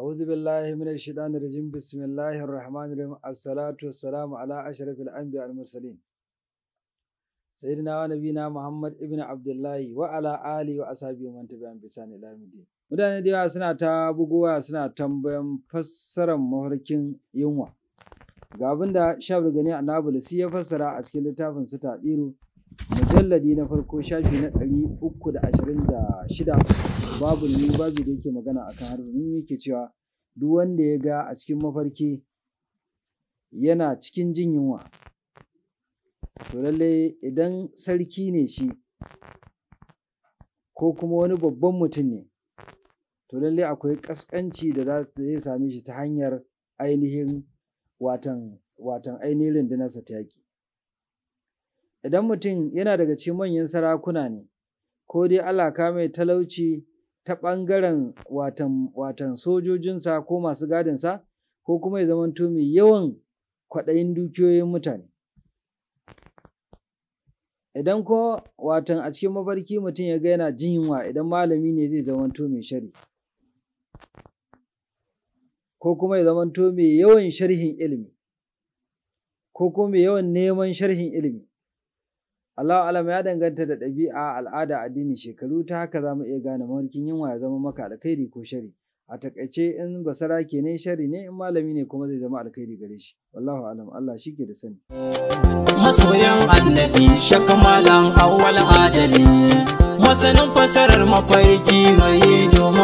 أعوذ بالله من الشيطان الرجيم بسم الله الرحمن الرحيم الصلاة والسلام على أشرف الأنبياء المرسلين سيدنا ونبينا محمد ابن عبد الله وعلى آله وأصحابه من تبعهم بإحسان إلى يوم الدين mutane da yawa suna ta buguwa suna tambayan fassarar mafarkin yunwa شاب abin da shabir gani annabulisi ya fassara a cikin littafin su taɗiru mujalladi na farko shafi na ɗari uku da ashirin da shida babu ni babu da yake magana a akan harbi yake cewa duk wanda ya ga a cikin mafarki yana cikin jin yunwa to lallai idan sarki ne shi ko kuma wani babban mutum ne to lallai akwai ƙasƙanci da za zai same shi ta hanyar ainihin watan watan ainihin rundunarsa ta yaƙi idan mutum yana daga cikin manyan sarakuna ne ko dai Allah ka mai talauci ta ɓangaren watan, watan sojojinsa ko masu gadinsa ko kuma ya zamanto mai yawan kwaɗayin dukiyoyin mutane idan ko watan a cikin mafarki mutum ya ga yana jin yunwa idan malami ne zai zamanto mai shari ko kuma ya zamanto mai yawan sharhin ilimi ko kuma mai yawan neman sharhin ilimi Allah alam ya danganta da ɗabi'a al'ada addini shekaru ta haka za mu iya gane mawarkin yunwa ya zama maka alkhairi ko shari a takaice in basara ke ne shari ne in malami ne kuma zai zama alkhairi gare shi wallahu alam Allah shi ke da sani. masoyan annabi malam awwal adali masanin fasarar mafarki mai domin